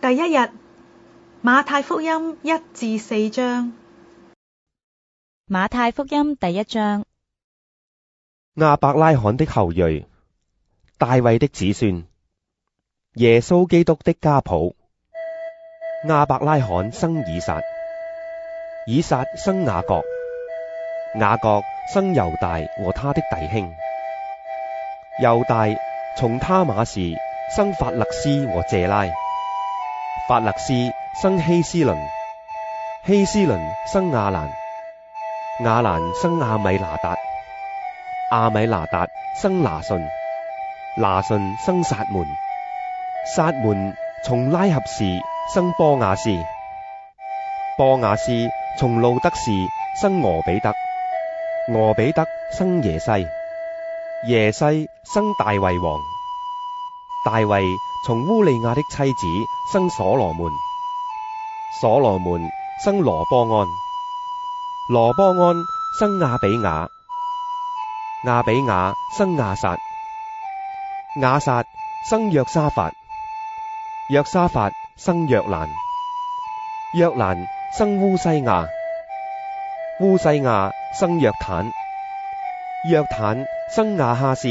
第一日，馬太福音一至四章。馬太福音第一章。亞伯拉罕的後裔，大衛的子孫，耶穌基督的家譜。亞伯拉罕生以撒，以撒生雅各，雅各生猶大和他的弟兄，猶大從他馬氏生法勒斯和謝拉。法勒斯生希斯倫，希斯倫生亞蘭，亞蘭生亞米拿達，亞米拿達生拿順，拿順生撒門，撒門從拉合士生波阿斯，波阿斯從路德士生俄比德，俄比德生耶西，耶西生大衛王。大衛從烏利亞的妻子生所羅門，所羅門生羅波安，羅波安生亞比雅，亞比雅生亞撒，亞撒生，亞撒生約沙法，約沙法生約蘭，約蘭生烏西亞，烏西亞生約坦，約坦生亞哈斯。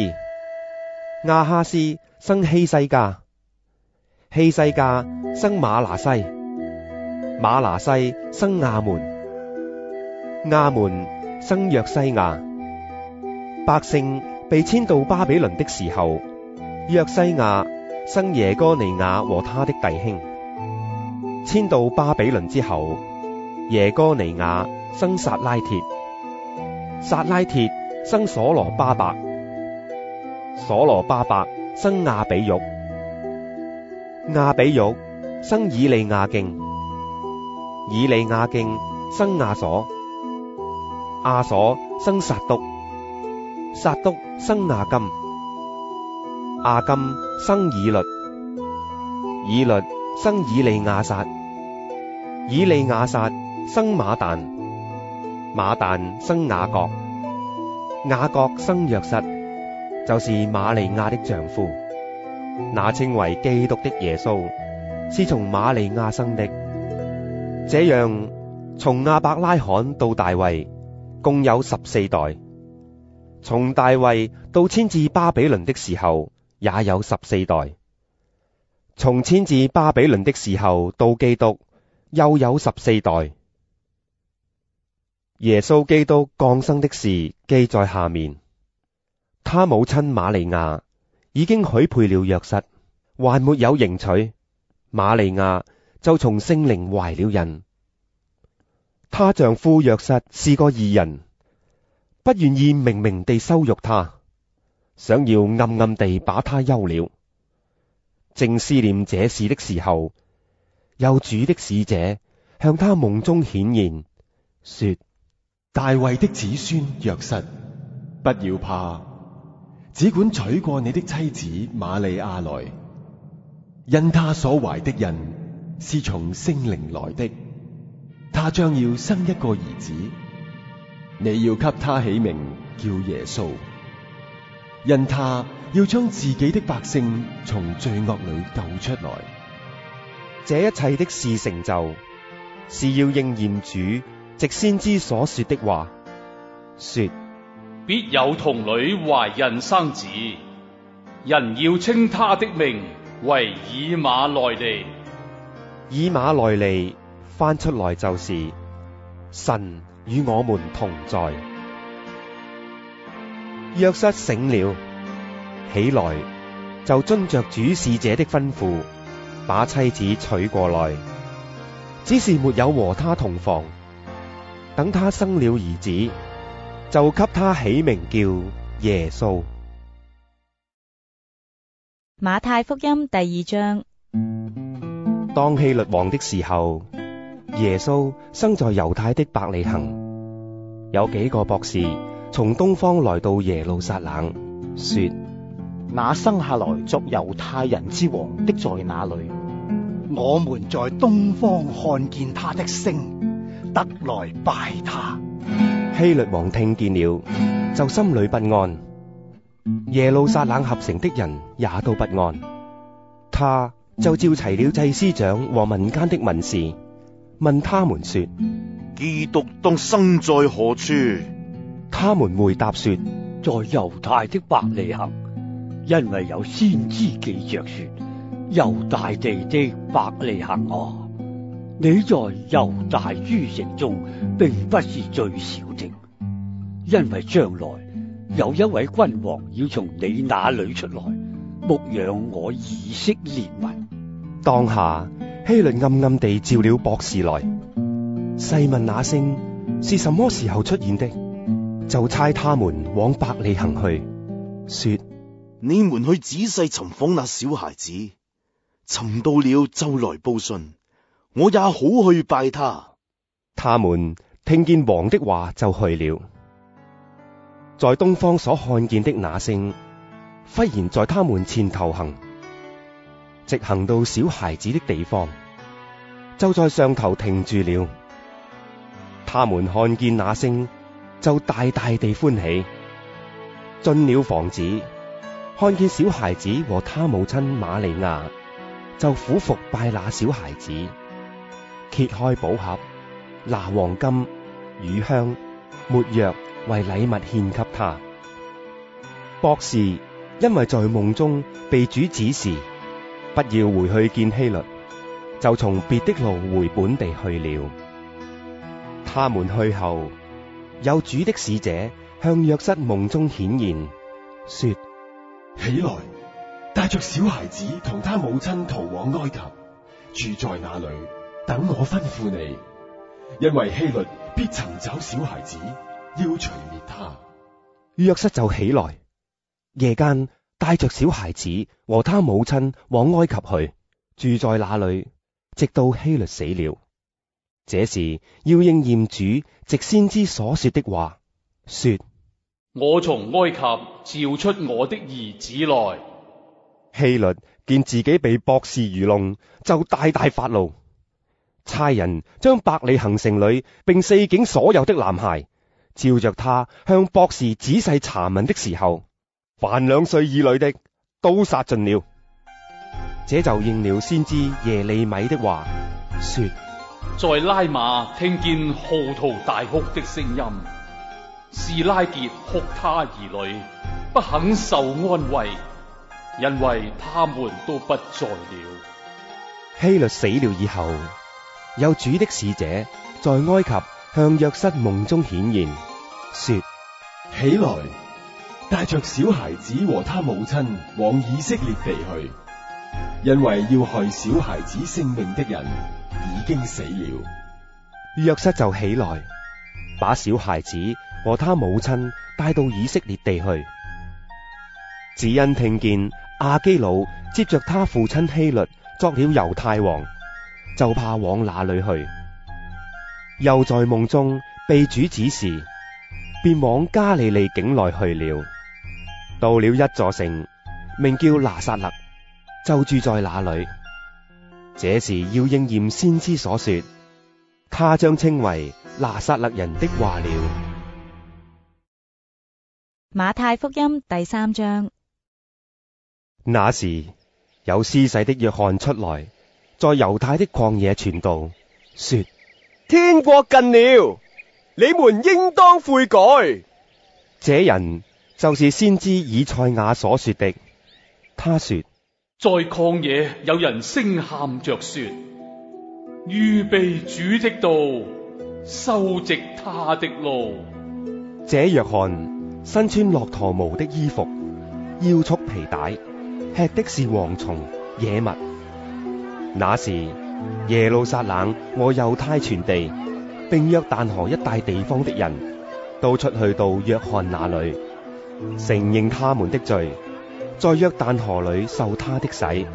亞哈斯生希西家，希西家生馬拿西，馬拿西生亞門，亞門生約西亞。百姓被遷到巴比倫的時候，約西亞生耶哥尼雅和他的弟兄。遷到巴比倫之後，耶哥尼雅生撒拉鐵，撒拉鐵生所羅巴伯。所羅巴伯生亞比玉，亞比玉生以利亞敬，以利亞敬生亞所，亞所生撒督，撒督生亞金，亞金生以律，以律生以利亞撒，以利亞撒生馬但，馬但生雅各，雅各生約瑟。就是瑪利亞的丈夫，那稱為基督的耶穌，是從瑪利亞生的。這樣從亞伯拉罕到大衛共有十四代，從大衛到遷至巴比倫的時候也有十四代，從遷至巴比倫的時候到基督又有十四代。耶穌基督降生的事記在下面。他母親瑪利亞已經許配了約瑟，還沒有迎娶，瑪利亞就從聖靈懷了孕。他丈夫約瑟是個義人，不願意明明地羞辱他，想要暗暗地把他休了。正思念這事的時候，有主的使者向他夢中顯現，說：大衛的子孫約瑟，不要怕。只管娶過你的妻子瑪利亞來，因她所懷的人是從聖靈來的，他將要生一個兒子，你要給他起名叫耶穌，因他要將自己的百姓從罪惡裏救出來。這一切的事成就，是要應驗主藉先知所說的話，說。必有童女懷孕生子，人要稱他的名為以馬內利。以馬內利翻出來就是神與我們同在。約瑟醒了，起來就遵着主使者的吩咐，把妻子娶過來，只是沒有和她同房，等她生了兒子。就給他起名叫耶穌。馬太福音第二章。當希律王的時候，耶穌生在猶太的伯利恒。有幾個博士從東方來到耶路撒冷，說：那、嗯、生下來作猶太人之王的在哪裏？我們在東方看見他的星，得來拜他。希律王聽見了，就心裏不安，耶路撒冷合成的人也都不安。他就召齊了祭司長和民間的文士，問他們說：基督當生在何處？他們回答說：在猶太的伯利恆，因為有先知記着說：猶大地的伯利恆啊。你在猶大諸城中，並不是最小的，因為將來有一位君王要從你那裏出來，牧養我以色列民。當下希倫暗暗地召了博士來，細問那星是什麼時候出現的，就差他們往百里行去，說：你們去仔細尋訪那小孩子，尋到了就來報信。我也好去拜他。他們聽見王的話就去了。在東方所看見的那星，忽然在他們前頭行，直行到小孩子的地方，就在上頭停住了。他們看見那星，就大大地歡喜。進了房子，看見小孩子和他母親瑪利亞，就俯伏拜那小孩子。揭開寶盒，拿黃金、乳香、沒藥為禮物獻給他。博士因為在夢中被主指示，不要回去見希律，就從別的路回本地去了。他們去後，有主的使者向約瑟夢中顯現，說：起來，帶着小孩子同他母親逃往埃及，住在那裏。等我吩咐你，因為希律必尋找小孩子，要除滅他。約瑟就起來，夜間帶着小孩子和他母親往埃及去，住在那裏，直到希律死了。這時要應驗主直先知所說的話，說我從埃及召出我的兒子來。希律見自己被博士愚弄，就大大發怒。差人將伯利恆城裏並四境所有的男孩，照着他向博士仔細查問的時候，凡兩歲以內的都殺盡了。這就應了先知耶利米的話，說：在拉瑪聽見號啕大哭的聲音，是拉結哭他兒女不肯受安慰，因為他們都不在了。希律死了以後。有主的使者在埃及向約瑟夢中顯現，說：起來，帶着小孩子和他母親往以色列地去，因為要害小孩子性命的人已經死了。約瑟就起來，把小孩子和他母親帶到以色列地去。只因聽見亞基老接着他父親希律作了猶太王。就怕往哪裏去，又在夢中被主指示，便往加利利境內去了。到了一座城，名叫拿撒勒，就住在那裏。這時要應驗先知所說，他將稱為拿撒勒人的話了。馬太福音第三章。那時有施洗的約翰出來。在猶太的曠野傳道，說：天國近了，你們應當悔改。這人就是先知以賽亞所說的。他說：在曠野有人聲喊着說：預備主的道，修直他的路。這約翰身穿駱駝毛的衣服，腰束皮帶，吃的是蝗蟲野蜜。那時耶路撒冷，我猶太全地，並約旦河一帶地方的人都出去到約翰那裏，承認他們的罪，在約旦河裏受他的洗。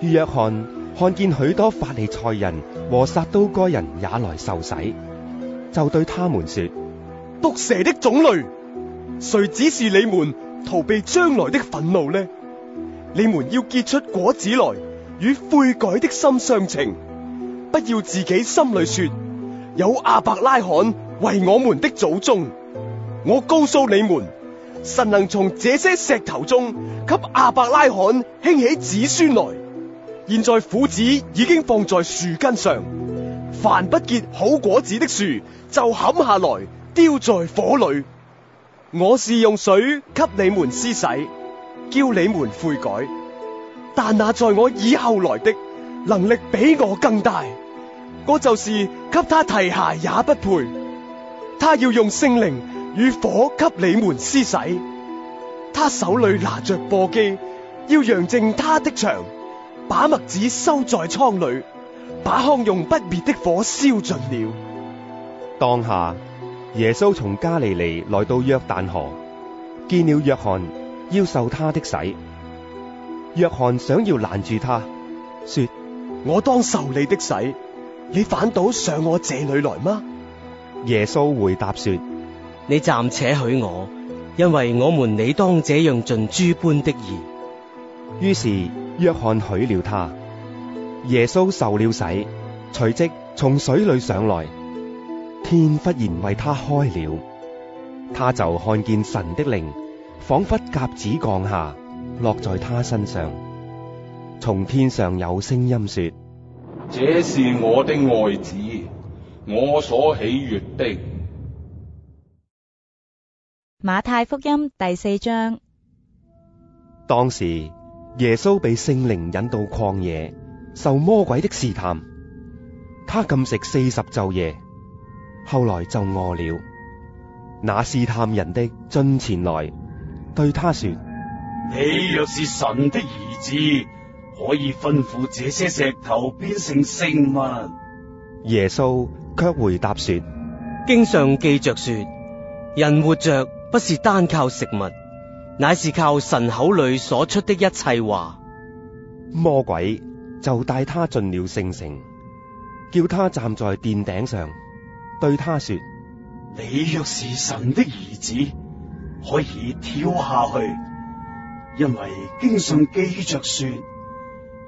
如約翰看見許多法利賽人和撒都該人也來受洗，就對他們說：毒蛇的種類，誰指示你們逃避將來的憤怒呢？你們要結出果子來。與悔改的心相情，不要自己心裏說有亞伯拉罕為我們的祖宗。我告訴你們，神能從這些石頭中給亞伯拉罕興起子孫來。現在斧子已經放在樹根上，凡不結好果子的樹就砍下來丟在火裏。我是用水給你們施洗，叫你們悔改。但那在我以後來的，能力比我更大。我就是給他提鞋也不配。他要用聖靈與火給你們施洗。他手裏拿着簸箕，要揚淨他的場，把麥子收在倉裏，把糠用不滅的火燒盡了。當下，耶穌從加利利來到約旦河，見了約翰，要受他的洗。約翰想要攔住他，說：我當受你的洗，你反倒上我這裡來嗎？耶穌回答說：你暫且許我，因為我們你當這樣盡諸般的義。於是約翰許了他。耶穌受了洗，隨即從水裡上來，天忽然為他開了，他就看見神的靈仿佛鴿子降下。落在他身上，從天上有聲音說：這是我的愛子，我所喜悅的。馬太福音第四章。當時耶穌被聖靈引到曠野，受魔鬼的試探。他禁食四十晝夜，後來就餓了。那試探人的進前來，對他說。你若是神的兒子，可以吩咐這些石頭變成食物。耶穌卻回答說：經上記着說，人活着不是單靠食物，乃是靠神口裏所出的一切話。魔鬼就帶他進了聖城，叫他站在殿頂上，對他說：你若是神的兒子，可以跳下去。因為經常記着說，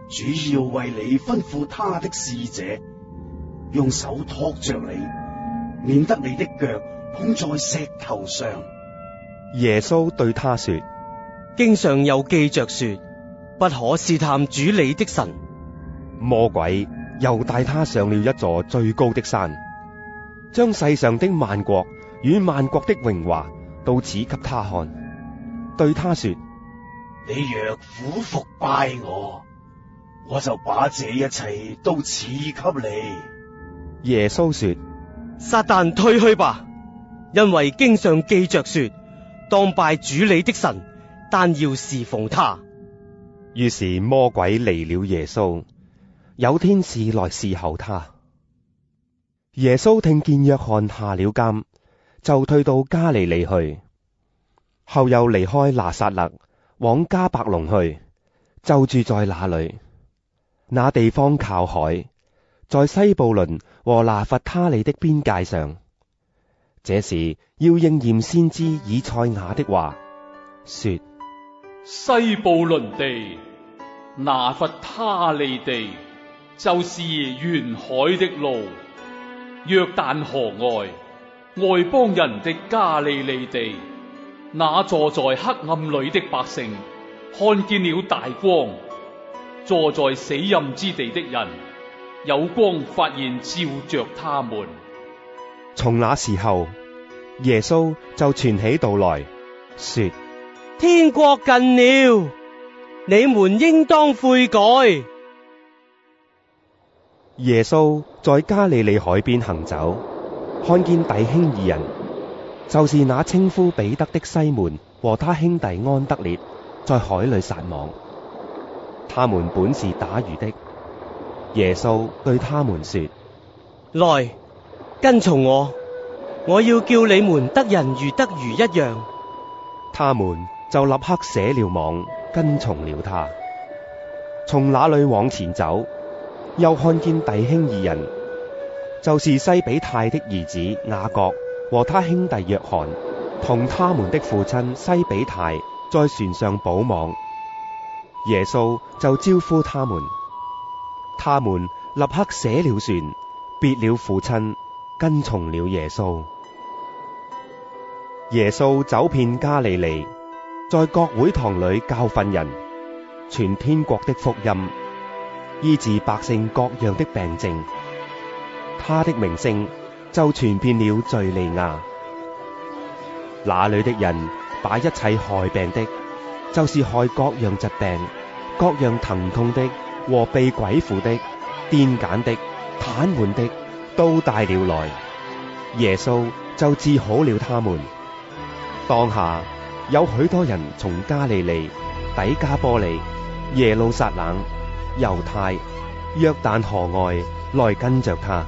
主要為你吩咐他的使者，用手托着你，免得你的腳碰在石頭上。耶穌對他說：經常又記着說，不可試探主你的神。魔鬼又帶他上了一座最高的山，將世上的萬國與萬國的榮華到此給他看，對他說。你若俯伏拜我，我就把這一切都賜給你。耶穌說：撒旦退去吧，因為經上記着說，當拜主你的神，單要侍奉他。於是魔鬼離了耶穌，有天使來侍候他。耶穌聽見約翰下了監，就退到加利利去，後又離開拿撒勒。往迦百農去，就住在那裏。那地方靠海，在西布倫和拿弗他利的邊界上。這時要應驗先知以賽亞的話，說：西布倫地、拿弗他利地，就是沿海的路；約旦河外，外邦人的加利利地。那坐在黑暗裏的百姓看見了大光，坐在死蔭之地的人有光發現照着他們。從那時候，耶穌就傳起道來說：“天國近了，你們應當悔改。”耶穌在加利利海邊行走，看見弟兄二人。就是那稱呼彼得的西門和他兄弟安德烈，在海裏撒網。他們本是打魚的，耶穌對他們說：來，跟從我，我要叫你們得人如得魚一樣。他們就立刻捨了網，跟從了他。從那裏往前走，又看見弟兄二人，就是西比泰的兒子雅各。和他兄弟約翰同他們的父親西比泰在船上補網，耶穌就招呼他們，他們立刻捨了船，別了父親，跟從了耶穌。耶穌走遍加利利，在各會堂裡教訓人，傳天國的福音，醫治百姓各樣的病症，他的名聲。就傳遍了敘利亞，那裏的人把一切害病的，就是害各樣疾病、各樣疼痛的和被鬼附的、癲癇的、癱瘓的，的，都帶了來。耶穌就治好了他們。當下有許多人從加利利、底加波利、耶路撒冷、猶太、約旦河外來跟着他。